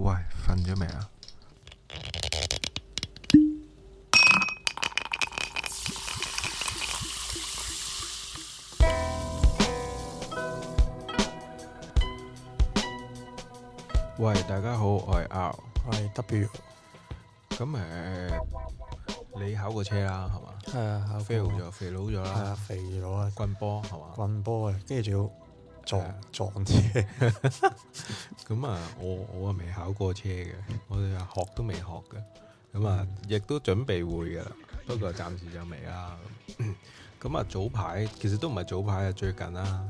喂，瞓咗未啊？喂，大家好，我係 R，我係 W。咁，誒，你考過車啦，係嘛？係啊，考 fail 咗，肥佬咗啦，肥佬啊，棍波係嘛？棍波啊，跟住仲有。撞撞車，咁 啊，我我啊未考過車嘅， 我哋啊學都未學嘅，咁啊 亦都準備會嘅啦，不過暫時就未啦。咁啊早排其實都唔係早排啊，最近啦、啊。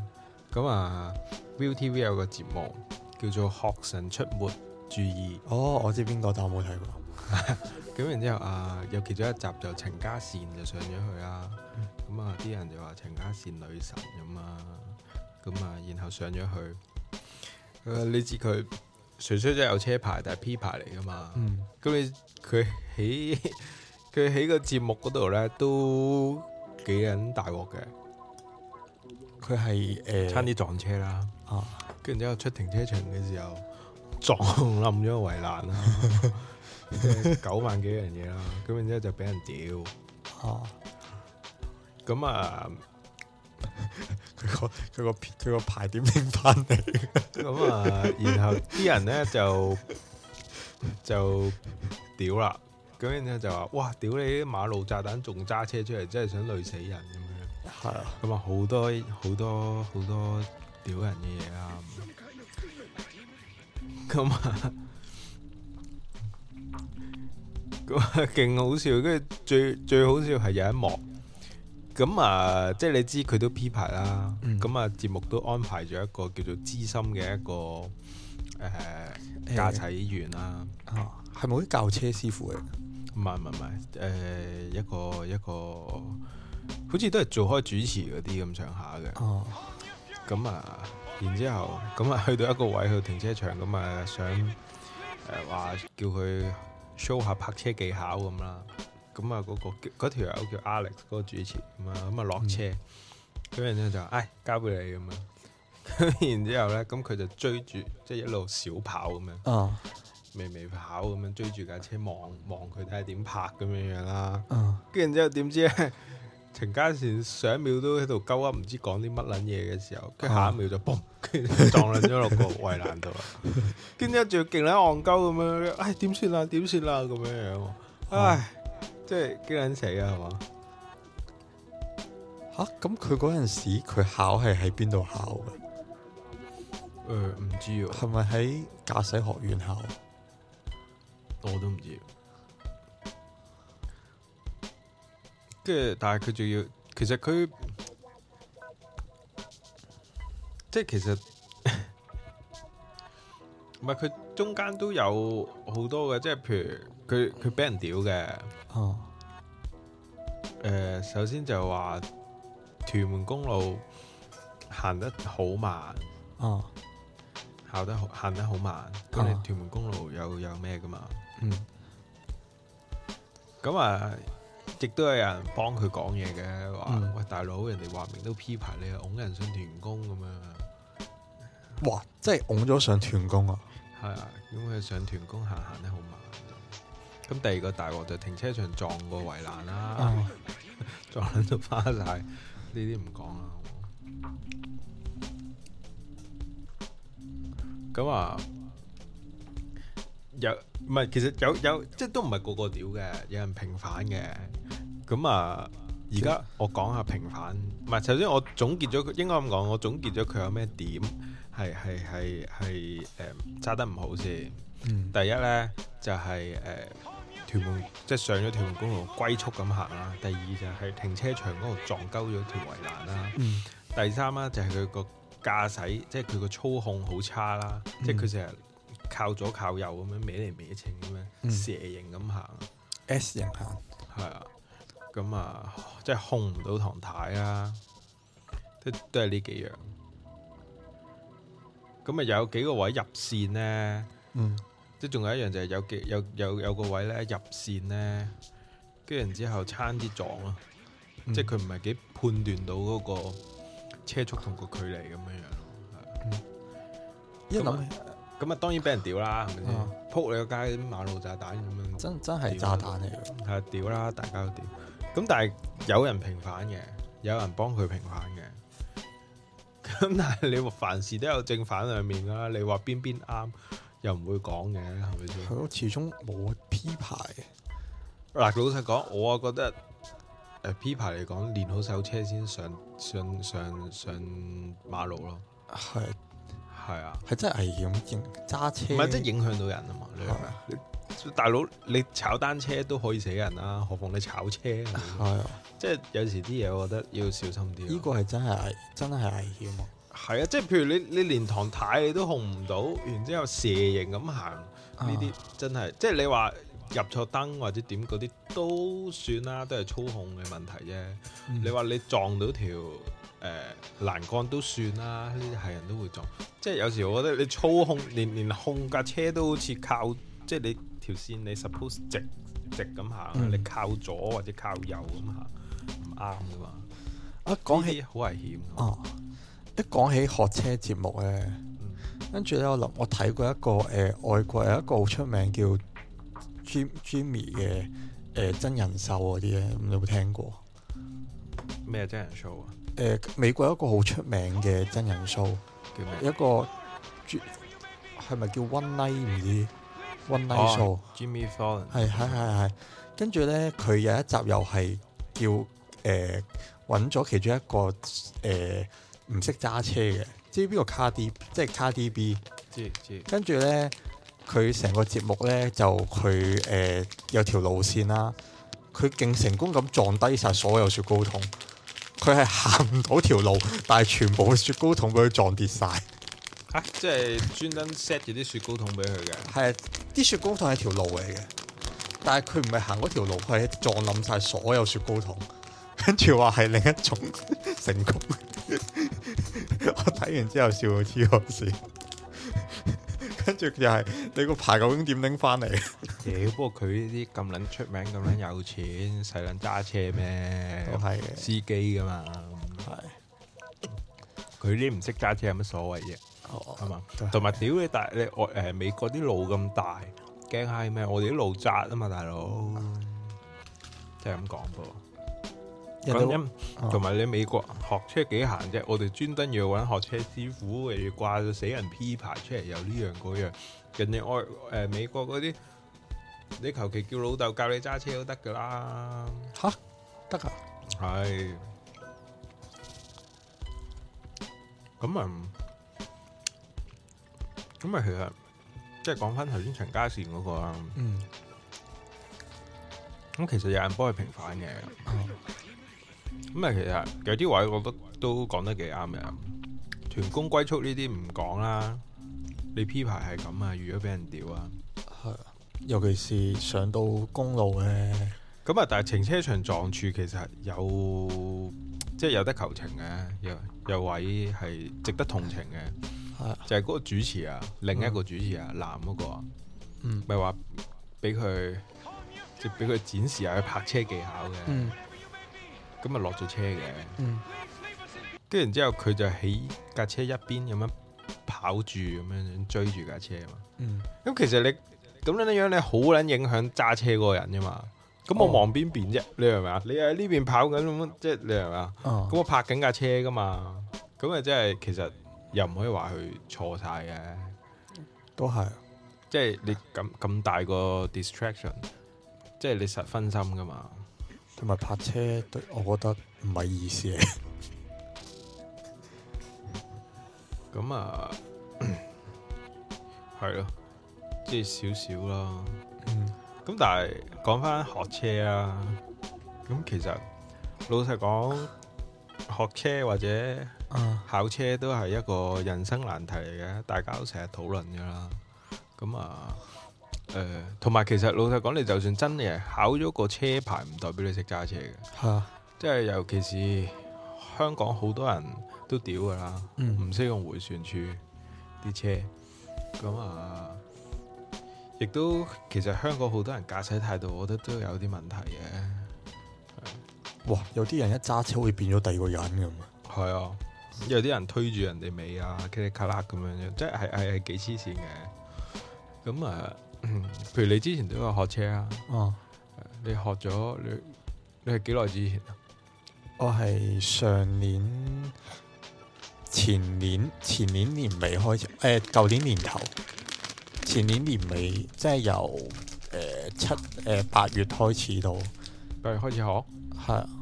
咁啊 ViuTV 有個節目叫做《學神出沒注意》，哦，我知邊個，但我冇睇過。咁 然之後啊，有其中一集就陳嘉善就上咗去 啊！咁啊啲人就話陳嘉善女神咁、嗯、啊。咁啊，然後上咗去，你知佢純粹即係有車牌，但係 P 牌嚟噶嘛？咁、嗯、你佢喺佢喺個節目嗰度咧，都幾人大鑊嘅。佢係誒，呃、差啲撞車啦，跟住之後出停車場嘅時候撞冧咗個圍欄啦， 九萬幾樣嘢啦，咁然之後，後就俾人屌。哦，咁啊。那啊 佢個佢個佢個牌點拎翻嚟？咁啊、嗯，然後啲人咧就 就，就屌啦，咁樣咧就話：哇，屌你啲馬路炸彈，仲揸車出嚟，真係想累死人咁樣。係啊，咁啊好多好多好多屌人嘅嘢啊！咁、嗯、啊，咁啊勁好笑，跟住最最好笑係有一幕。咁啊，即係你知佢都 P 牌啦。咁、嗯、啊，節目都安排咗一個叫做資深嘅一個誒駕駛員啦。哦，係咪啲教車師傅嚟？唔係唔係唔係，誒、呃，一個一個，好似都係做開主持嗰啲咁上下嘅。哦。咁啊，然之後咁啊、嗯，去到一個位去停車場，咁、嗯、啊想誒話、呃、叫佢 show 下泊車技巧咁啦。嗯咁啊，嗰、那個條友叫 Alex，嗰個主持咁啊，咁啊落車，咁人咧就，唉交俾你咁啊，咁 然之後咧，咁佢就追住，即、就、係、是、一路小跑咁樣，啊，微微跑咁樣追住架車望望佢睇下點拍咁樣樣啦，啊，跟然之後點知咧，程嘉善上一秒都喺度勾啊，唔知講啲乜撚嘢嘅時候，跟下一秒就嘣，啊、 就撞爛咗落個圍欄度，跟住仲勁喺戇鳩咁樣，唉點算啊點算啊咁樣樣，哎。唉唉唉即係驚人死啊，係嘛？吓咁佢嗰陣時佢考係喺邊度考嘅？誒、嗯，唔知啊。係咪喺駕駛學院考、嗯？我都唔知。即係，但係佢仲要，其實佢即係其實。唔係佢中間都有好多嘅，即係譬如佢佢俾人屌嘅。哦、啊。誒、呃，首先就話屯門公路行得好慢。哦、啊。行得好，行得好慢。咁、啊、你屯門公路有有咩噶嘛？咁、嗯嗯嗯、啊，亦都有人幫佢講嘢嘅，話、嗯、喂，大佬，人哋話明都 P 牌，你又㧬人上屯公咁樣。哇！即係㧬咗上屯公啊！係啊，因為上團工行行得好慢。咁第二個大鑊就停車場撞個圍欄啦，撞到花晒，呢啲唔講啦。咁啊，有唔係其實有有即係都唔係個個屌嘅，有人平反嘅。咁啊，而家我講下平反。唔係首先我總結咗，應該咁講，我總結咗佢有咩點。係係係係誒揸得唔好先。嗯、第一咧就係誒屯門即係、就是、上咗屯門公路龜速咁行啦。第二就係停車場嗰度撞鳩咗條圍欄啦、啊。嗯、第三啦就係佢個駕駛即係佢個操控好差啦、啊，嗯、即係佢成日靠左靠右咁樣歪嚟歪，歪去咁樣、嗯、蛇形咁行、啊、S 型行。係啊，咁啊即係控唔到唐太啊，都都係呢幾樣。咁啊，又有幾個位入線咧，即係仲有一樣就係有幾有有有個位咧入線咧，跟住然之後差啲撞咯，即係佢唔係幾判斷到嗰個車速同個距離咁樣樣。一諗起，咁啊當然俾人屌啦，係咪先？撲你個街啲馬路炸彈咁樣，真真係炸彈嚟㗎。係啊，屌啦，大家都屌。咁但係有人平反嘅，有人幫佢平反嘅。咁但係你話凡事都有正反兩面㗎啦，你話邊邊啱又唔會講嘅，係咪先？係，我始終冇 P 牌。嗱、啊，老實講，我啊覺得，誒、呃，P 牌嚟講，練好手車先上上上上馬路咯。係係啊，係的真係危險，揸車唔係即係影響到人啊嘛？你話。大佬，你炒單車都可以死人啦、啊，何況你炒車啊？啊， 即係有時啲嘢，我覺得要小心啲。呢個係真係真係危險啊！係啊，即係譬如你你連堂太你都控唔到，然之後蛇形咁行呢啲真係 即係你話入錯燈或者點嗰啲都算啦，都係操控嘅問題啫。嗯、你話你撞到條誒、呃、欄杆都算啦，呢啲係人都會撞。即係有時我覺得你操控連連控架車都好似靠。即係你條線你，你 suppose 直直咁行，嗯、你靠左或者靠右咁行唔啱噶嘛？啊，講起好危險啊！一講起學車節目咧，跟住咧我諗，我睇過一個誒、呃、外國有一個好出名叫 Jim Jimmy 嘅誒、呃、真人秀嗰啲咧，你有冇聽過？咩真人 show 啊？誒、呃、美國一個好出名嘅真人 show 叫咩？一個係咪叫 One Night？唔知 One Night Show，Jimmy Fallon，係係係係，跟住咧佢有一集又係叫誒揾，咗其中一個誒唔識揸車嘅，知邊個 Cardi 即係 Cardi B，跟住咧佢成個節目咧就佢誒、呃、有條路線啦，佢勁成功咁撞低晒所有雪糕桶，佢係行唔到條路，但係全部嘅雪糕桶俾佢撞跌晒。啊！即係專登 set 住啲雪糕筒俾佢嘅，係啊！啲雪糕筒係條路嚟嘅，但係佢唔係行嗰條路，佢係撞冧晒所有雪糕筒，跟住話係另一種呵呵成功。 我睇完之後笑到痴咗線， 跟住又係你個排究竟點拎翻嚟？屌！ 不過佢呢啲咁撚出名，咁撚有錢，使撚揸車咩？都係司機噶嘛。係是的。佢啲唔識揸車有乜所謂嘅？」係嘛，同埋屌你，但係你外誒美國啲路咁大，驚閪咩？我哋啲路窄啊嘛，大佬，就係咁講噃。同埋你美國學車幾閒啫？我哋專登要搵學車師傅，又要掛死人 P 牌出嚟，又呢樣嗰樣。人哋外誒美國嗰啲，你求其叫老豆教你揸車都得噶啦。吓，得噶？係。咁啊。咁啊，其實即係講翻頭先陳家善嗰個啊。嗯。咁其實有人幫佢平反嘅。咁啊、嗯，其實有啲位我覺得都講得幾啱嘅。團工歸宿呢啲唔講啦。你 P 牌係咁啊？預咗俾人屌啊？係啊。尤其是上到公路咧。咁啊，但係停車場撞柱其實有，即係有得求情嘅，有有位係值得同情嘅。就係嗰個主持啊，另一個主持啊，男嗰、嗯嗰個啊，咪話俾佢即係俾佢展示下佢泊車技巧嘅，咁啊落咗車嘅，跟然、嗯、之後佢就喺架車一邊咁樣跑住咁樣樣追住架車啊嘛，咁、嗯、其實你咁樣樣你好撚影響揸車嗰個人啫嘛，咁我望邊邊啫，你明唔明？啊、哦？你喺呢邊跑緊咁，即係你明唔明啊？咁我泊緊架車噶嘛，咁啊真係其實。又唔可以話佢錯晒嘅，都係是，即係你咁咁、嗯、大個 distraction，即係你實分心㗎嘛。同埋泊車，對我覺得唔係意思嘅。咁、 嗯、啊，係咯，即 係、啊就是、少少啦。咁、嗯、但係講返學車啊，咁其實老實講。學車或者考車都係一個人生難題嚟嘅，大家都成日討論㗎喇。咁啊，誒、呃，同埋其實老實講，你就算真係考咗個車牌，唔代表你識揸車嘅。吓、啊，即係尤其是香港好多人都屌㗎喇，唔識、嗯、用回旋處啲車。咁啊，亦都其實香港好多人駕駛態度，我覺得都有啲問題嘅。哇！有啲人一揸車會變咗第二個人咁啊！係啊， 有啲人推住人哋尾啊，噼里咔啦。咁樣樣，即係係係幾黐線嘅。咁啊，譬如你之前都有學車啊，哦， 你學咗你你係幾耐之前啊？我係上年前年前年年尾開始，誒、呃，舊年年頭，前年年尾，即係由誒、呃、七誒、呃、八月開始到八月開始學，係啊。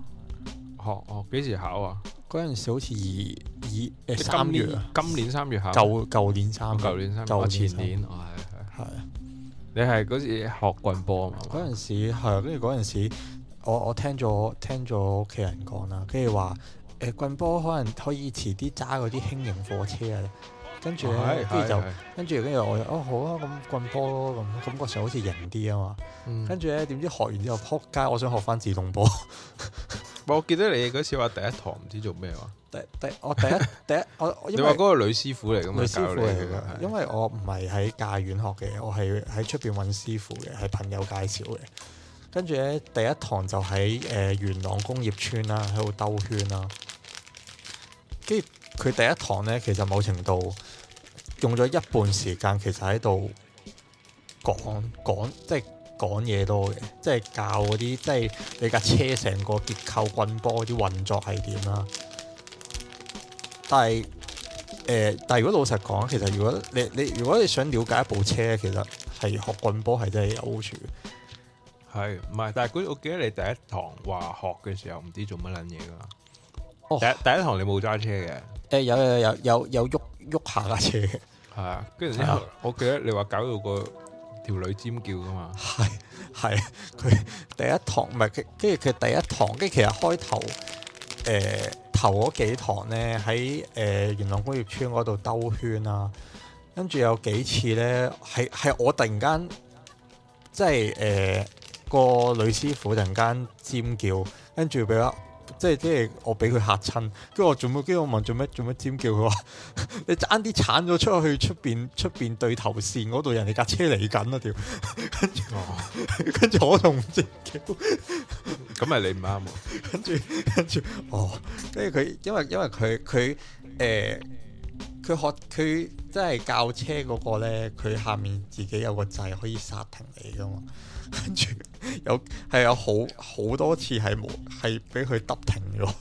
哦哦，幾時考啊？嗰陣時好似二二誒三月啊，今年三月考。舊舊年三，舊年三，我前年哦係係係。你係嗰時學棍波啊嘛？嗰陣時係，跟住嗰陣時我我聽咗聽咗屋企人講啦，跟住話誒棍波可能可以遲啲揸嗰啲輕型貨車啊。跟住跟住就跟住跟住我哦好啊，咁棍波咁感覺上好似型啲啊嘛。跟住咧，點知學完之後扑街，我想學翻自動波。我記得你嗰次話第一堂唔知做咩話，第第我第一 第一我因為你話嗰個女師傅嚟嘅嘛？女師傅嚟嘅，的的因為我唔係喺駕院學嘅，我係喺出邊揾師傅嘅，係朋友介紹嘅。跟住咧，第一堂就喺誒、呃、元朗工業村啦，啊，喺度兜圈啦，啊。跟住佢第一堂咧，其實某程度用咗一半時間，其實喺度講講即係。講嘢多嘅，即係教嗰啲，即係你架車成個結構棍波啲運作係點啦。但係誒，但係如果老實講，其實如果你你如果你想了解一部車，其實係學棍波係真係有好處嘅。係，唔係？但係嗰我記得你第一堂話學嘅時候，唔知做乜撚嘢㗎嘛？哦，第第一堂你冇揸車嘅？誒有有有有有喐喐下架車嘅，係啊。跟住之後，我記得你話搞到個。條女尖叫噶嘛？係係，佢第一堂唔係佢，跟住佢第一堂，跟住其實開頭，誒、呃、頭嗰幾堂咧喺誒元朗工業村嗰度兜圈啊，跟住有幾次咧，係係我突然間，即係誒、呃、嗰個女師傅突然間尖叫，跟住俾我。即係即係我俾佢嚇親，跟住我做咩？跟住我問做咩做咩尖叫？佢話：你爭啲剷咗出去出邊出邊對頭線嗰度，人哋架車嚟緊啊條。跟住、哦、跟住我仲唔尖叫？咁係你唔啱。跟住跟住哦，跟住佢，因為因為佢佢誒，佢、呃、學佢即係教車嗰個咧，佢下面自己有個掣可以剎停你噶嘛。跟住 有係有好好多次係冇係俾佢得停咗，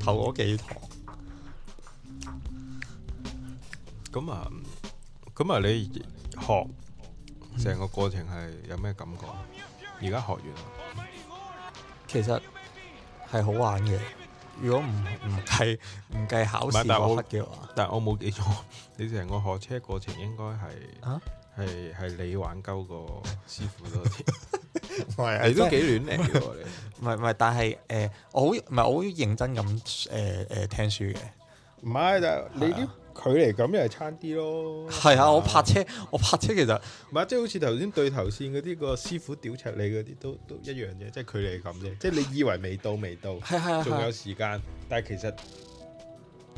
頭 嗰幾堂，嗯。咁啊咁啊，啊你學成個過程係有咩感覺？而家，嗯、學完，其實係好玩嘅。如果唔唔計唔計考試嗰刻嘅話，但係我冇記錯， 你成個學車過程應該係啊。係係你玩鳩個師傅多啲， 你都幾亂嚟嘅。唔係唔係，但係誒、呃，我好唔係我好認真咁誒誒聽書嘅。唔係，但你啲距離感又係差啲咯。係啊，啊我泊車、啊、我泊車其實唔係即係好似頭先對頭線嗰啲、嗰個師傅屌尺你嗰啲都都一樣啫，即、就、係、係、距離感啫。即係 你以為未到未到，係係仲有時間，啊、但係其實。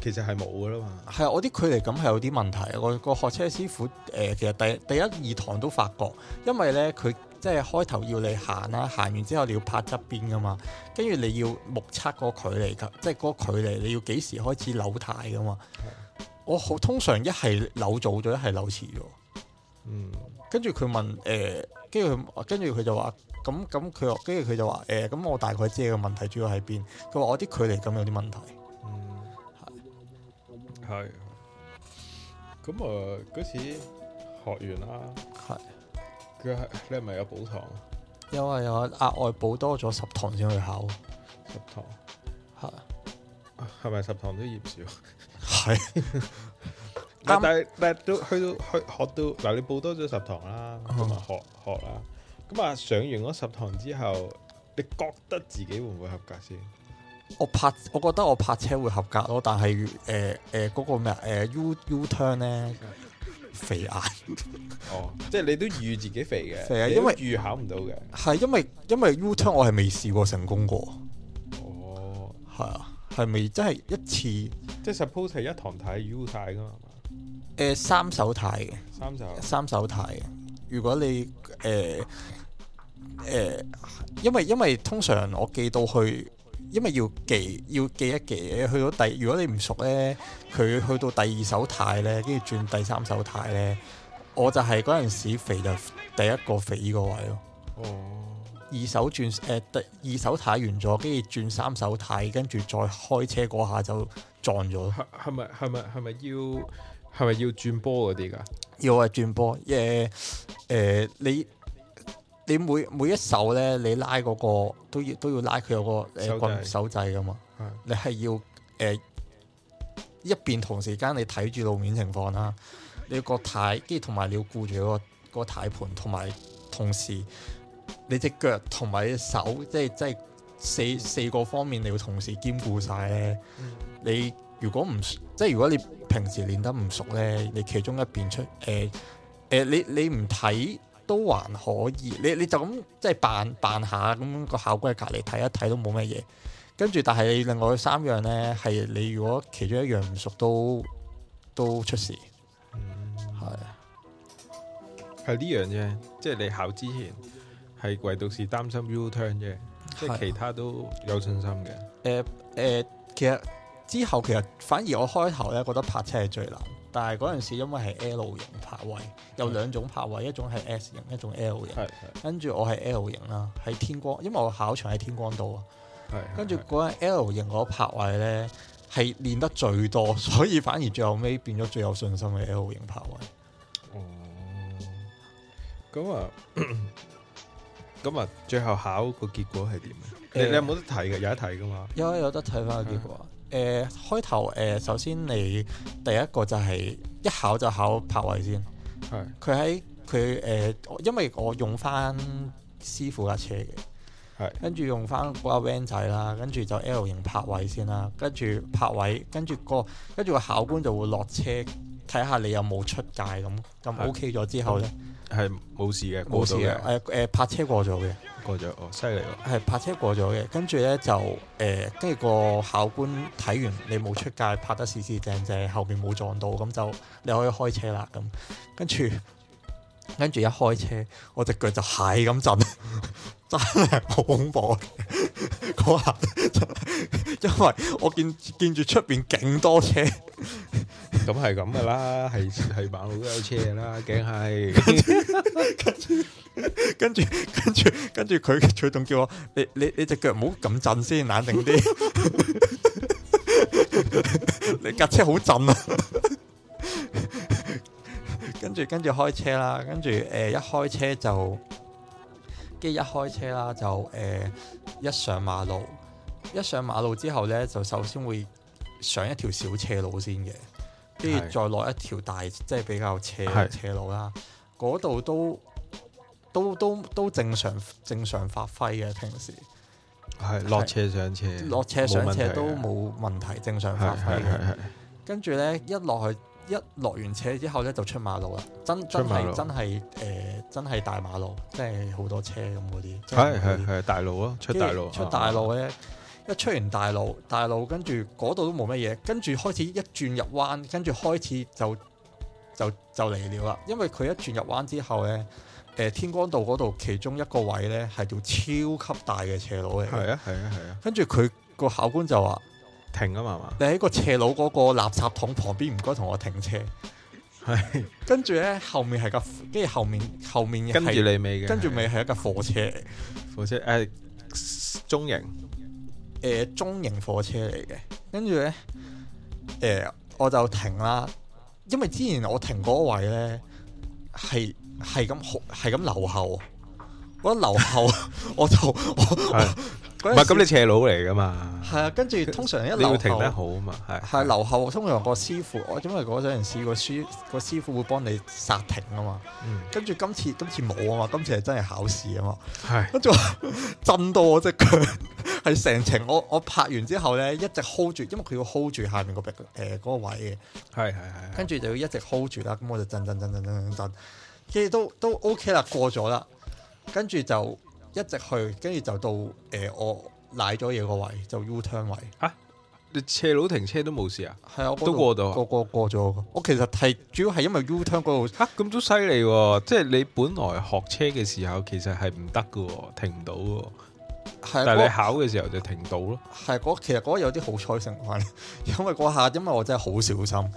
其實係冇嘅啦嘛，係啊！我啲距離感係有啲問題。我個學車師傅誒、呃，其實第一第一二堂都發覺，因為咧佢即係開頭要你行啦，行完之後你要拍側邊㗎嘛，跟住你要目測個距離即係嗰個距離你要幾時開始扭軚㗎嘛。嗯、我好通常一係扭早咗，一係扭遲咗。嗯，跟住佢問誒，跟住跟住佢就話：咁咁佢跟住佢就話誒，咁、欸、我大概知個問題主要喺邊。佢話我啲距離感有啲問題。係，咁啊嗰時學完啦，係佢係你係咪有補堂啊？有啊有啊，額外補多咗十堂先去考十堂，係係咪十堂都嫌少？係、嗯，但係但係都去到去學到嗱，你補多咗十堂啦，同埋學學啦，咁啊上完嗰十堂之後，你覺得自己會唔會合格先？我拍，我覺得我拍車會合格咯，但係誒誒嗰個咩誒 U U turn 咧肥眼哦，即係你都預自己肥嘅，肥啊，因為預考唔到嘅，係因為因為 U turn 我係未試過成功過，哦，係啊，係咪？真係一次，即係 suppose 係一堂睇 U 太噶嘛，誒三手睇嘅，三手三手睇嘅，如果你誒誒因為因為通常我寄到去。因為要記要記一記，去到第如果你唔熟呢，佢去到第二手太呢，跟住轉第三手太呢，我就係嗰陣時肥就第一個肥依個位咯。哦二、呃，二手轉誒第二手太完咗，跟住轉三手太，跟住再開車嗰下就撞咗。係咪係咪係咪要係咪要轉波嗰啲噶？要啊，轉、yeah, 波、呃，耶誒你。你每每一手咧，你拉嗰、那個都要都要拉佢有個誒個手掣㗎、呃、嘛。是的 你係要誒、呃、一邊同時間你睇住路面情況啦、啊，你個軚跟住同埋你要顧住、那個、那個軚盤，同埋同時你隻腳同埋隻手，即係即係四四個方面，你要同時兼顧晒咧。嗯、你如果唔即係如果你平時練得唔熟咧，你其中一邊出誒誒、呃呃，你你唔睇。都還可以，你你就咁即係扮扮下，咁個考官隔離睇一睇都冇乜嘢。跟住，但係你另外三樣呢，係你如果其中一樣唔熟都，都都出事。嗯，係是。係呢樣啫，即係你考之前係唯獨是擔心 U turn 啫，啊、即係其他都有信心嘅。誒誒、呃呃，其實之後其實反而我開頭咧覺得泊車係最難。但係嗰陣時，因為係 L 型泊位，有兩種泊位，一種係 S 型，一種 L 型。係跟住我係 L 型啦，喺天光，因為我考場喺天光道。啊。係跟住嗰個 L 型嗰個泊位咧，係練得最多，所以反而最後尾變咗最有信心嘅 L 型泊位。哦、嗯，咁啊，咁啊，最後考個結果係點？你你有冇得睇嘅？有得睇噶嘛？有有得睇翻個結果啊！嗯誒、呃、開頭誒、呃、首先你第一個就係一考就考泊位先，係佢喺佢誒，因為我用翻師傅架車嘅，係是跟住用翻嗰架 van 仔啦，跟住就 L 型泊位先啦，跟住泊位跟住、嗰個跟住個考官就會落車睇下你有冇出界咁，咁 OK 咗之後咧。是嗯係冇事嘅，冇事嘅，誒誒泊車過咗嘅，過咗哦，犀利哦，係泊車過咗嘅，跟住咧就誒，跟、呃、住個考官睇完你冇出界，拍得四四正正，後邊冇撞到，咁就你可以開車啦，咁跟住跟住一開車，我隻腳就蟹咁震。 真係好恐怖，嗰下，因為我見見住出邊勁多車，咁係咁噶啦，係係馬路都有車啦，梗係，跟住跟住跟住跟住佢主動叫我，你你你隻腳唔好咁震先，冷靜啲，你架車好震啊！跟住跟住開車啦，跟住誒一開車就。跟一開車啦，就誒、呃、一上馬路，一上馬路之後呢，就首先會上一條小斜路先嘅，跟住再落一條大，是即係比較斜是斜路啦。嗰度都都都都正常正常發揮嘅，平時係落是是車上車，落車上車都冇問題，正常發揮嘅。跟住呢，一落去。一落完車之後咧，就出馬路啦！真真係真係誒，真係大馬路，真係好多車咁嗰啲。係係係大路咯，出大路。出大路咧，一出完大路，大路跟住嗰度都冇乜嘢，跟住開始一轉入彎，跟住開始就就就嚟了啦。因為佢一轉入彎之後咧，誒、呃、天光道嗰度其中一個位咧係條超級大嘅斜路嚟。係啊係啊係啊！的跟住佢個考官就話。停啊，嘛，嘛，你喺個斜路嗰個垃圾桶旁邊唔該同我停車，係是跟住咧後面係架，跟住後面後面跟住你尾嘅、呃呃，跟住尾係一架貨車，貨車誒中型誒中型貨車嚟嘅，跟住咧誒我就停啦，因為之前我停嗰位咧係係咁好係咁留後，我一留後 我就……我。唔係咁你斜路嚟噶嘛？係啊，跟住通常一你要停得好啊嘛，係係留後通常個師傅，我因為嗰陣時個師個師傅會幫你剎停啊嘛。嗯。跟住今次今次冇啊嘛，今次係真係考試啊嘛。係。跟住震到我隻腳，係成程我我拍完之後咧，一直 hold 住，因為佢要 hold 住下面個誒嗰個位嘅。係係係。跟住就要一直 hold 住啦，咁我就震震震震震震震，跟住都都 OK 啦，過咗啦，跟住就。一直去，跟住就到誒、呃、我奶咗嘢個位，就 Uturn 位嚇、啊，你斜路停車都冇事啊？係啊，我都過到，個個過咗。我其實係主要係因為 Uturn 嗰度嚇，咁、啊、都犀利喎！即係你本來學車嘅時候，其實係唔得嘅，停唔到。係、啊，那個、但係你考嘅時候就停到咯。係、啊、其實嗰有啲好彩成分，因為嗰下因為我真係好小心。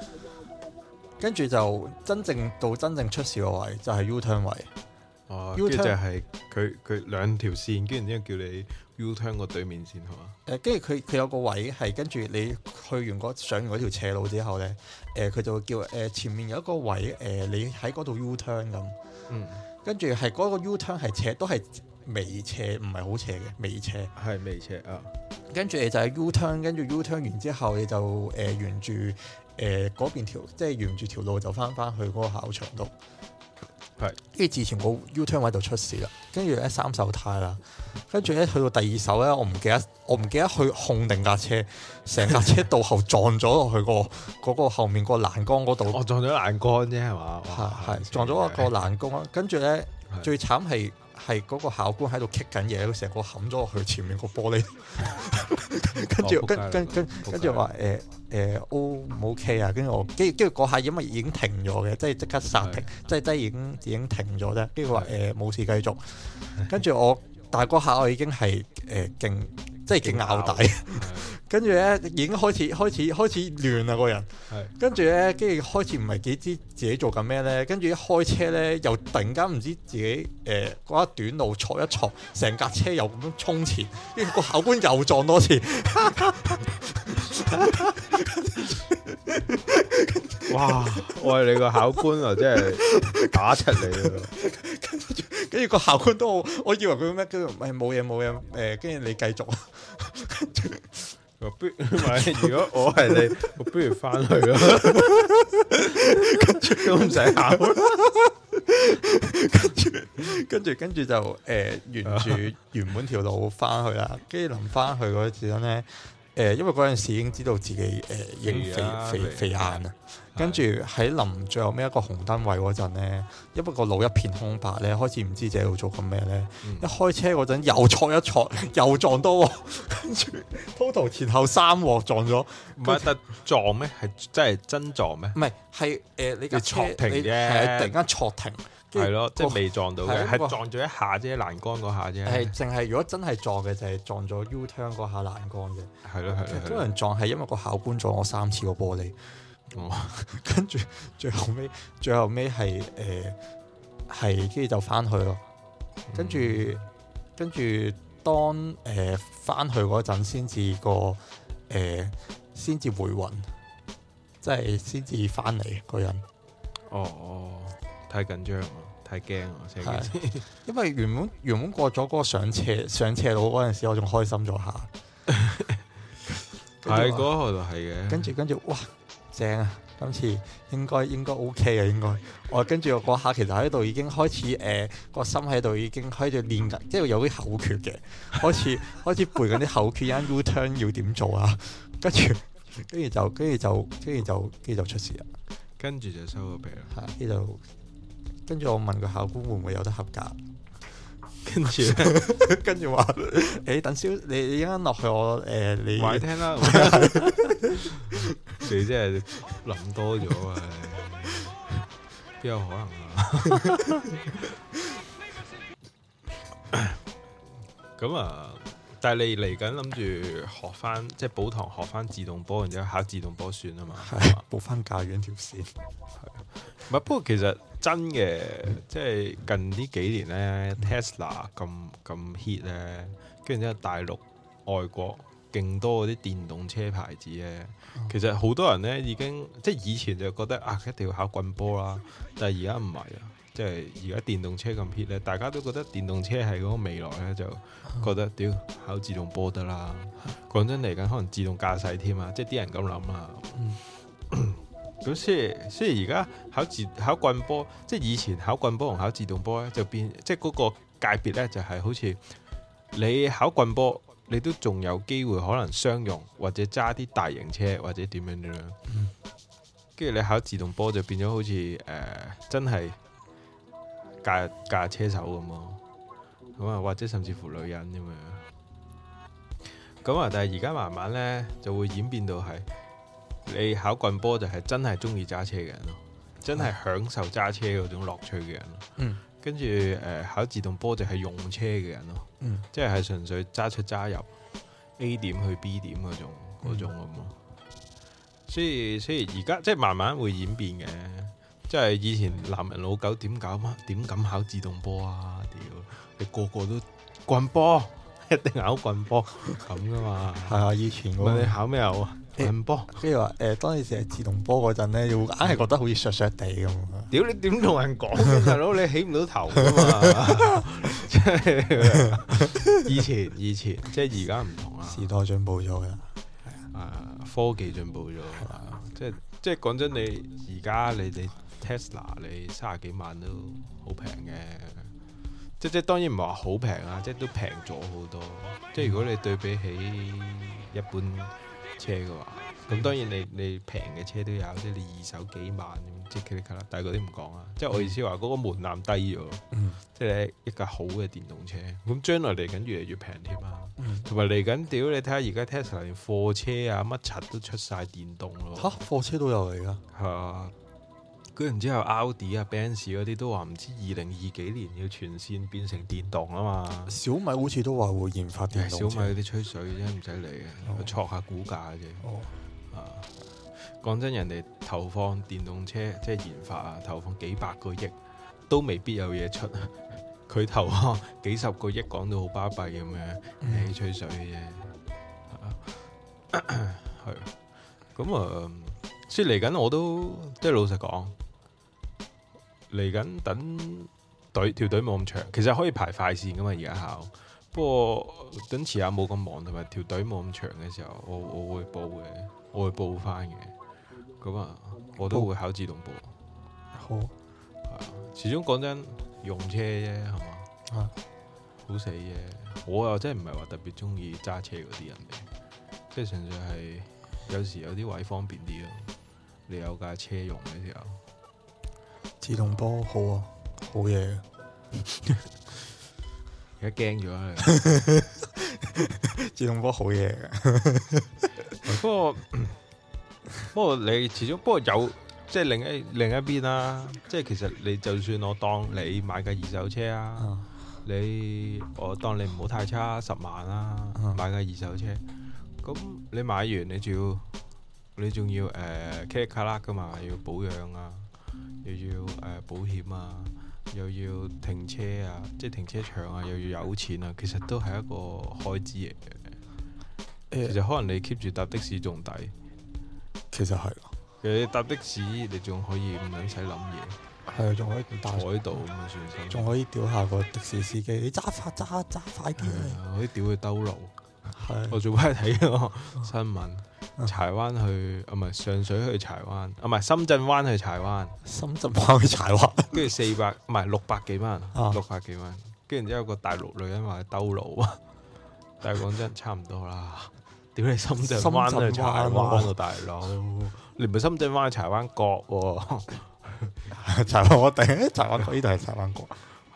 跟住就真正到真正出事個位就係 Uturn 位。就是 U 哦，跟住就係佢、佢兩條線，跟住然之後叫你 U-turn 個對面線係嘛？誒，跟住佢、佢有個位係，跟住你去完嗰上完條斜路之後咧，誒、呃，佢就會叫誒、呃、前面有一個位誒、呃，你喺嗰度 U-turn 咁。Turn 嗯。跟住係嗰個 U-turn 係斜，都係微斜，唔係好斜嘅，微斜。係微斜啊。跟、哦、住就係 U-turn，跟住 U-turn 完之後你就誒、呃、沿住誒嗰邊條，即係沿住條路就返返去嗰個考場度。係，跟住之前個 Uturn 位度出事啦，跟住咧三手胎啦，跟住咧去到第二手咧，我唔記得，我唔記得去控定 架車，成架車倒後撞咗落去、個嗰、個後面個欄杆嗰度，我 撞咗欄杆啫係嘛？係係撞咗一個欄杆，跟住咧最慘係，係嗰個考官喺度棘緊嘢，佢成個冚咗落去前面個玻璃， 跟住跟跟跟跟住話誒誒 O 唔 OK 啊？跟住我跟住跟住嗰下，因為已經停咗嘅，即係即刻剎停，Okay. 即係即係已經已經停咗啫。跟住話誒冇事繼續，跟住我， 但係嗰下我已經係誒、呃、勁，即係勁拗底。 跟住咧，已經開始開始開始亂啦，個人。係是跟住咧，跟住開始唔係幾知自己做緊咩咧。跟住一開車咧，又突然間唔知自己誒，一、呃那個、短路錯一錯，成架車又咁樣衝前，跟住個考官又撞多次。 哇！我係你個考官啊， 真係打出嚟。跟住個考官都好，我以為佢咩？跟住喂，冇嘢冇嘢。誒、呃，跟住你繼續。跟如，係如果我係你 我， 我不如翻去咯，跟住都唔使考。跟住，跟住，跟住就誒，沿住原本條路翻去啦。跟住臨翻去嗰時咧，誒、呃，因為嗰陣時已經知道自己誒已經、呃、肥肥肥眼啦。跟住喺臨最後尾一個紅燈位嗰陣咧，因為個腦一片空白咧，開始唔知自己喺度做緊咩咧。嗯、一開車嗰陣又錯一錯，又撞到喎，跟住 total 前後三鑊撞咗。唔係得撞咩？係真係真撞咩？唔係係誒，你錯停啫，突然間錯停。係咯，即係未撞到嘅，係的撞咗一下啫，欄杆嗰下啫。係淨係如果真係撞嘅，就係、是、撞咗 U turn 嗰下欄杆嘅。係咯係咯，多人撞係因為個考官撞我三次個玻璃。的哦，嗯、 跟住最後尾，最後尾係誒，係、呃嗯、跟住就翻去咯。跟住跟住，當誒翻去嗰陣，先至個誒，先至回魂，即係先至翻嚟個人。哦哦，太緊張啊，太驚啊！因為原本原本過咗嗰個上斜上斜路嗰陣時，我仲開心咗下。係 嗰後、嗰個就係嘅，跟住跟住，哇！正啊！今次應該應該 OK 啊，應該我跟住我嗰下其實喺度已經開始誒個、呃、心喺度已經開始練緊，即係有啲口訣嘅，開始 開始背緊啲口訣 ，U-turn 要點做啊！跟住跟住就跟住就跟住就跟住就出事啦！跟住就收咗皮啦！呢度跟住我問個考官會唔會有得合格？跟住， 跟住話，誒、 欸，等少，你你一陣落去，我誒、呃，你唔話你聽啦， 你真係諗多咗啊，欸、邊有可能啊，咁 啊、嗯，但係你嚟緊諗住學翻，即係補堂學翻自動波，然之後考自動波算啊嘛，係補翻教員條線， 是不過其實。真嘅，即係近呢幾年呢 Tesla 咁咁 hit 呢，跟住之後大陸、外國勁多嗰啲電動車牌子咧，嗯、其實好多人呢已經即係以前就覺得啊一定要考棍波啦，但係而家唔係啊，即係而家電動車咁 hit 呢，大家都覺得電動車係嗰個未來呢，就覺得屌、嗯、考自動波得啦。講真嚟緊，可能自動駕駛添啊，即係啲人咁諗啊。 咁所以，所以而家考自考棍波，即係以前考棍波同考自動波咧，就變，即係嗰個界別咧，就係好似你考棍波，你都仲有機會可能商用或者揸啲大型車或者點樣點樣，跟住、嗯、你考自動波就變咗好似誒、呃，真係駕，駕駕車手咁咯，咁啊或者甚至乎女人咁樣，咁啊但係而家慢慢咧就會演變到係。你考棍波就係真係鍾意揸車嘅人咯，真係享受揸車嗰種樂趣嘅人咯。嗯、跟住誒、呃，考自動波就係用車嘅人咯。即係純粹揸出揸入 A 點去 B 點嗰種嗰、嗯、種咁咯。所以所以而家即係慢慢會演變嘅，即、就、係、是、以前男人老狗點搞乜，點敢考自動波啊？屌你個個都棍波，一定考棍波咁噶 嘛？係啊，以前我那你考咩啊？唔波，跟住話誒，當你成日自動波嗰陣咧，要硬係覺得好似削削地咁。屌你點同人講，大佬 你起唔到頭噶嘛？即係 以前，以前即係而家唔同啦、啊。時代進步咗啦，係啊，科技進步咗吧，即係即係講真，你而家你哋 Tesla，你三十幾萬都好平嘅。即即當然唔話好平啊，即都平咗好多。即如果你對比起一般。車嘅話，咁當然你你平嘅車都有，即係你二手幾萬，即係卡里卡啦，K K、K, 但係嗰啲唔講啊，即係我意思話嗰個門檻低咗，嗯、即係一架好嘅電動車，咁將來嚟緊越嚟越平添、嗯、啊，同埋嚟緊屌你睇下而家 Tesla 連貨車啊乜柒都出晒電動咯，吓，貨車都有嚟噶，係啊。居然之後，Audi 啊、Benz 嗰啲都話唔知二零二幾年要全線變成電動啊嘛。小米好似都話會研發電動車，小米啲吹水啫，唔使理嘅，戳、oh. 下股價嘅啫。哦，oh. 啊，講真人哋投放電動車即係研發啊，投放幾百個億都未必有嘢出，佢 投幾十個億講到好巴閉咁樣，你、mm. 吹水嘅啫。係啊，係。咁 啊，即、呃、所以嚟緊我都即係老實講。嚟緊等隊條隊冇咁長，其實可以排快線噶嘛而家考，不過等遲下冇咁忙同埋條隊冇咁長嘅時候，我我會報嘅，我會報返嘅，咁啊，我都會考自動波。好，係啊，始終講真用車啫，係嘛，吓、啊，好死啫，我又真係唔係話特別中意揸車嗰啲人嚟，即係純粹係有時有啲位方便啲咯，你有架車用嘅時候。自動波好啊，好嘢！而家驚咗啊！自動波好嘢嘅， asaki 不過不過你始終不過有即係另一另一邊啦、啊，即係其實你就算我當你買嘅二手車啊， 你我當你唔好太差十萬啦、啊，買嘅二手車，咁 daran 你買完你仲要你仲要誒 care car 啦噶嘛，要保養啊。又要誒、呃、保險啊，又要停車啊，即係停車場啊，又要有錢啊，其實都係一個開支嚟嘅。欸、其實可能你 keep 住搭的士仲抵。其實係，其實你搭的士，你仲可以唔使諗嘢，係啊、嗯，仲可以坐喺度咁算，仲可以屌下個的士司機，你揸快揸揸快啲，欸、可以屌佢兜路。係是，我做咩睇個新聞？嗯柴灣去，唔、啊、係上水去柴灣，唔、啊、係深圳灣去柴灣。深圳灣去柴灣，跟住四百唔係六百幾蚊，六百幾蚊。跟住、啊、然之後有個大陸女人話兜路啊，但係講真，差唔多啦。屌你深圳灣去柴灣，幫到大佬。你唔係深圳灣去柴灣角喎？柴灣我頂，柴灣角呢度係柴灣角。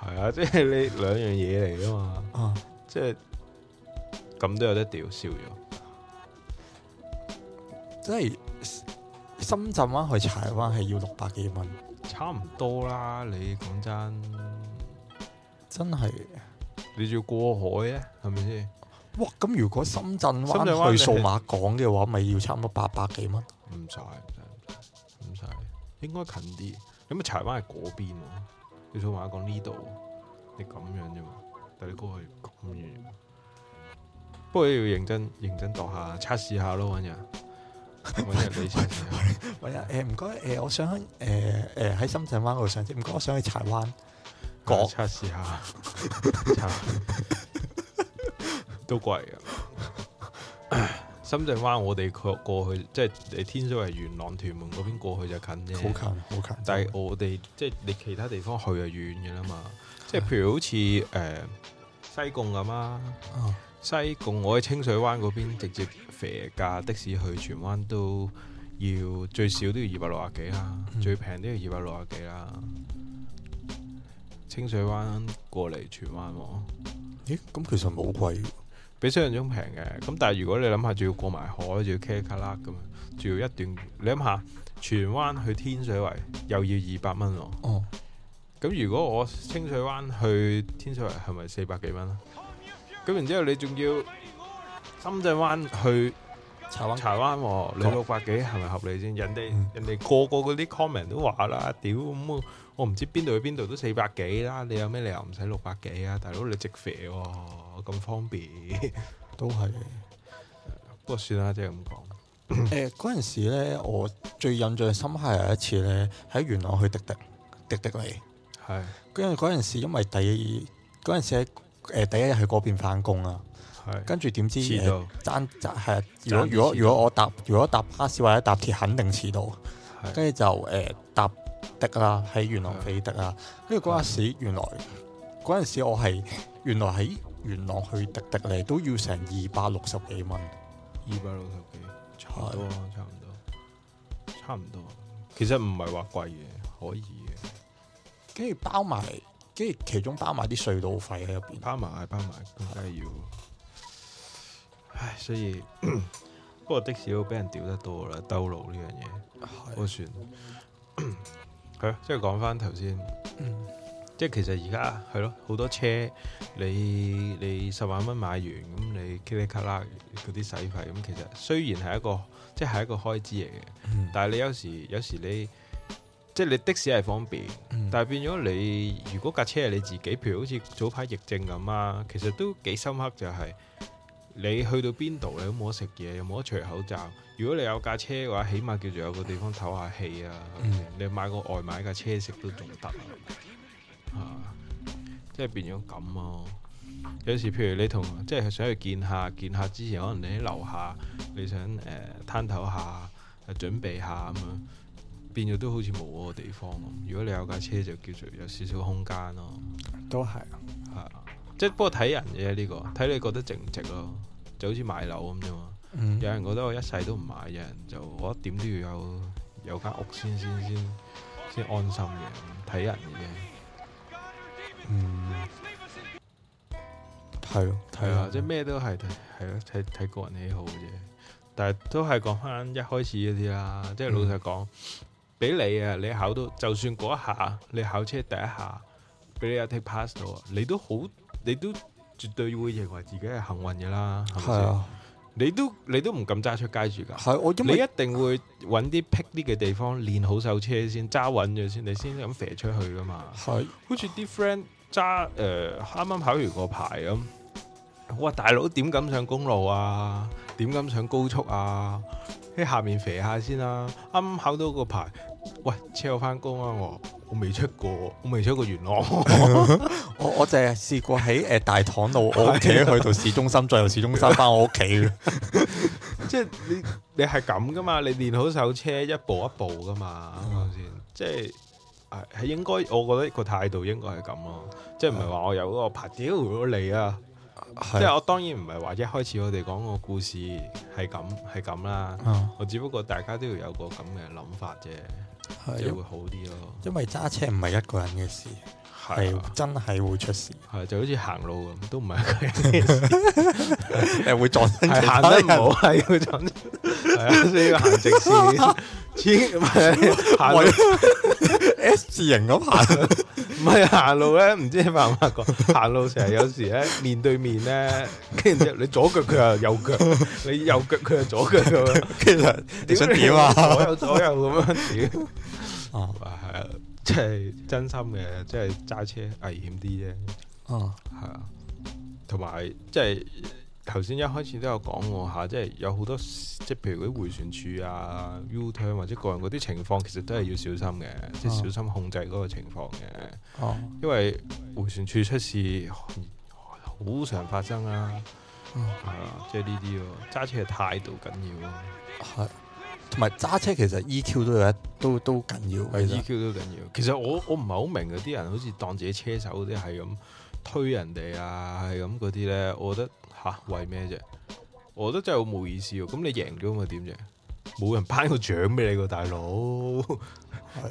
係 啊，即係呢兩樣嘢嚟㗎嘛。即係咁都有得屌笑咗。即係深圳灣去柴灣係要六百幾蚊，差唔多啦。你講真，真係的你要過海咧，係咪先？哇！咁如果深圳灣去數碼港嘅話，咪要差唔多八百幾蚊？唔使唔使唔使，應該近啲。咁啊，柴灣係嗰邊，你數碼港呢度，你咁樣啫嘛。但你過去咁遠，不過要認真認真度下，測試下咯，搵日。喂啊！誒唔該誒，我想誒誒喺深圳灣嗰度上車，唔該，我想去柴灣過、呃、測試下，都貴啊。深圳灣我哋過去，即係你天水圍、元朗、屯門嗰邊過去就近啲，好近好近。近但係我哋即係你其他地方去就遠嘅啦嘛。即係譬如好似誒、呃、西貢咁啊。嗯西貢我喺清水灣嗰邊直接飛架的士去荃灣都要最少都要二百六啊幾啦，最平都要二百六啊幾啦。清水灣過嚟荃灣喎？咦，咁其實冇貴，比想像中平嘅。咁但係如果你諗下，仲要過埋海，仲要卡卡啦，咁啊，仲要一段。你諗下荃灣去天水圍又要二百蚊喎。哦。咁如果我清水灣去天水圍係咪四百幾蚊啊？是咁然之後，你仲要深圳灣去柴灣柴灣，灣灣你六百幾係咪合理先，嗯？人哋人哋個個嗰啲 comment 都話啦，屌咁我唔知邊度去邊度都四百幾啦，你有咩理由唔使六百幾啊？大佬你直肥喎、喔、咁方便，都係不過算啦，即係咁講。誒嗰陣時咧，我最印象深刻係一次咧，喺元朗去滴滴滴滴嚟，係因為嗰陣時因為第二嗰陣時喺。誒，第一日去嗰邊翻工啊，跟住點知，爭爭係，如果如果如果我搭如果搭巴士或者搭鐵肯定遲到，跟住就誒搭的啦，喺元朗飛的啦，跟住嗰陣時原來嗰陣時我係原來喺元朗去的的嚟都要成二百六十幾蚊，二百六十幾，差唔多，差唔多，差唔多，其實唔係話貴嘅，可以嘅，跟住包埋。跟住其中包埋啲隧道費喺入邊，包埋包埋，梗係 要。唉，所以 不過的士都俾人屌得多啦，兜路呢樣嘢，都的算。係咯， 即係講翻頭先， 即係其實而家係咯，好多車，你你十萬蚊買完，咁你噼里克拉嗰啲洗費，咁其實雖然係一個即係、係、一個開支嚟嘅， 但係你有時有時你。即係你的士係方便，嗯、但係變咗你如果架車係你自己，譬如好似早排疫症咁啊，其實都幾深刻就係、是、你去到邊度你都冇得食嘢，又冇得除口罩，如果你有架車嘅話，起碼叫做有個地方唞下氣啊！嗯、你買個外賣架車食都仲得啊！即係變咗咁啊。有時譬如你同即係想去見下見客之前，可能你喺樓下，你想誒攤、呃、頭下誒準備下咁樣。變咗都好似冇嗰個地方咯。如果你有架車，就叫做有少少空間咯。都係係即係不過睇人嘅呢個，睇你覺得值唔值咯。就好似買樓咁啫嘛。有人覺得我一世都唔買，有人就我點都要有有間屋先先先先安心嘅。睇人嘅啫，嗯，係咯，係啊，即係咩都係係咯，睇睇個人喜好嘅啫。但係都係講返一開始嗰啲啦，即係老實講。俾你啊！你考到就算嗰一下，你考車第一下俾你阿 take pass 到，你都好，你都絕對會認為自己係幸運嘅啦，係咪先？你都你都唔敢揸出街住噶，我你一定會揾啲僻啲嘅地方練好手車先，揸穩咗先，你先咁飛出去噶嘛？係是，好似啲 friend 揸誒，啱、呃、啱考完個牌咁，哇！大佬點敢上公路啊？點敢上高速啊？喺下面飛下先啦，啊，啱啱考到個牌。喂，車我翻工啊！我我未出過，我未出過元朗。我試我淨係試過喺誒大棠路斜去到市中心，再到市中心翻我屋企 即係你你係咁噶嘛？你練好手車，一步一步噶嘛？係咪先？即係係應該，我覺得個態度應該係咁咯。即係唔係話我有個拍屌你啊？即係我、啊、我當然唔係話一開始我哋講個故事係咁係咁啦。嗯、我只不過大家都要有個咁嘅諗法啫。係會好啲咯，因為揸車唔係一個人嘅事，係真係會出事。係就好似行路咁，都唔係一個人嘅事，係會撞傷，行得唔好啊，要行直線，千唔係行。S 型咁行，唔係行路咧，唔知你發唔發覺？行 路成日有時咧，面對面咧，跟住你左腳佢又右腳，你右腳佢又左腳咁。 其實你想點啊？左右左右咁樣點？哦，係啊，即 係、uh, 真，真心嘅，即係揸車危險啲啫。哦、uh，係啊，同埋即係。頭先一開始都有講過下，即係有好多即係譬如嗰啲回旋處啊、U turn 或者個人嗰啲情況，其實都係要小心嘅，啊、即係小心控制嗰個情況嘅。哦、啊，因為回旋處出事好常發生啦、啊，係、嗯、啊，即係呢啲揸車嘅態度緊要、啊，係同埋揸車其實 EQ 都有一都都緊要，其實 EQ 都緊要。其實我我唔係好明嗰啲人好似當自己車手嗰啲係咁推人哋啊，係咁嗰啲咧，我覺得。吓、啊、為咩啫？我覺得真係好冇意思哦、啊。咁你贏咗咪點啫？冇人頒個獎俾你個大佬，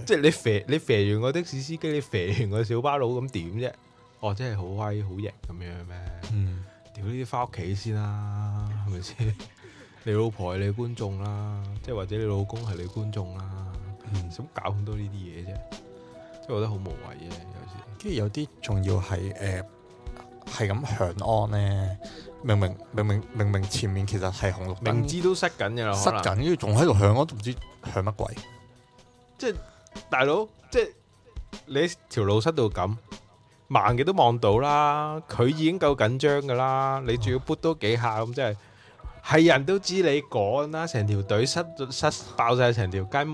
即係的 你肥你肥完個的士司機，你肥完個小巴佬咁點啫？哦，真係好威好型咁樣咩？嗯，屌呢啲翻屋企先啦、啊，係咪先？ 你老婆係你觀眾啦、啊，即、就、係、是、或者你老公係你觀眾啦、啊。嗯，咁搞咁多呢啲嘢啫，就是、我覺得好無謂嘅。有時跟住、啊、有啲仲要係誒，係咁響安咧。明明明明明明前面其實係紅綠燈，明知都塞緊嘅啦，塞緊，跟住仲喺度響，我都唔知響乜鬼。即係大佬，即係你條路塞到咁，盲嘅都望到啦。佢已經夠緊張噶啦，你仲要撥多幾下咁，即係係人都知你趕啦。成條隊塞到塞爆晒成條街，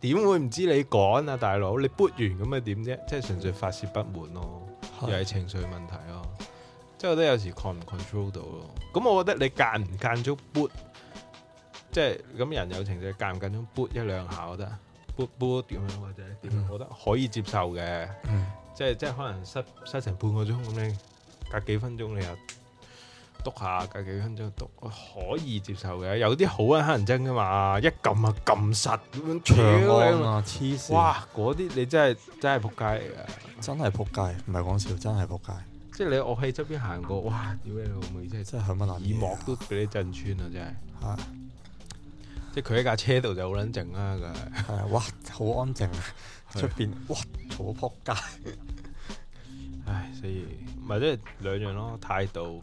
點會唔知你趕啊？大佬，你撥完咁咪點啫？即係純粹發洩不滿咯，又係情緒問題咯。即係我覺得有時控唔 control 到咯，咁我覺得你間唔間中 boot，即係咁人有情就間唔間中 boot 一兩下，我覺得 boot boot 點樣或者點，嗯、我覺得可以接受嘅，嗯。即係即係可能塞塞成半個鐘咁咧，隔幾分鐘你又督下，隔幾分鐘督，可以接受嘅。有啲好啊，黑人憎噶嘛，一撳啊撳實，樣長按啊黐線。呃、哇，嗰啲你真係真係扑街嚟嘅，真係扑街，唔係講笑，真係扑街。即係你樂器側邊行過，哇！屌你老母，真係真係好困難。耳膜都俾你震穿啦，真係。係是。即係佢喺架車度就好撚靜啦，佢係。係是。哇，好安靜啊！出邊是哇，嘈撲街。唉，所以咪即係兩樣咯，態度、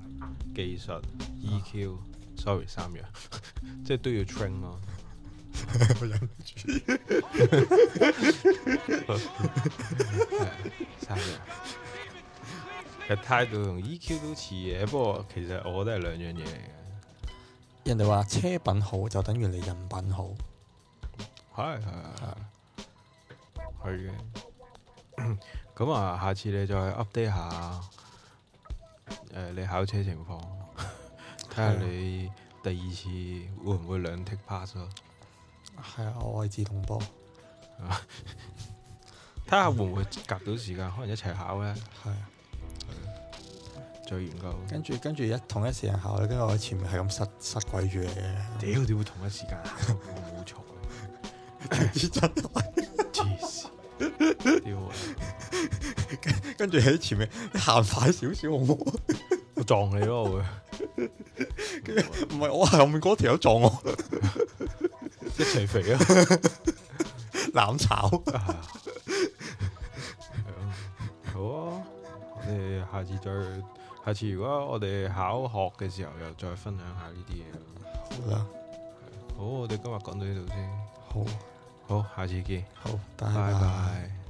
技術、啊、EQ，sorry，三樣， 即係都要 train 咯、啊。我忍唔住。哈哈。三樣佢態度同 EQ 都似嘅，不過其實我覺得係兩樣嘢嚟嘅。人哋話車品好就等於你人品好，係係係，係 嘅。咁啊、 嗯，下次你再 update 下，誒、呃，你考車情況，睇下你第二次會唔會兩 tick pass 咯。係啊，我愛自動波，睇下 會唔會夾到時間，可能一齊考咧。係。最研究，跟住跟住一同一時間行，跟住我前面係咁塞塞鬼住嘅。屌，點會同一時間行？冇錯。跟住喺前面行快少少，我我撞你咯，跟住，唔係我係後面嗰條友撞我，一齊肥啊！攬炒。好啊，我哋下次再。下次如果我哋考學嘅時候，又再分享下呢啲嘢啦。好啦，好，我哋今日講到呢度先。好，好，下次見。好，拜拜。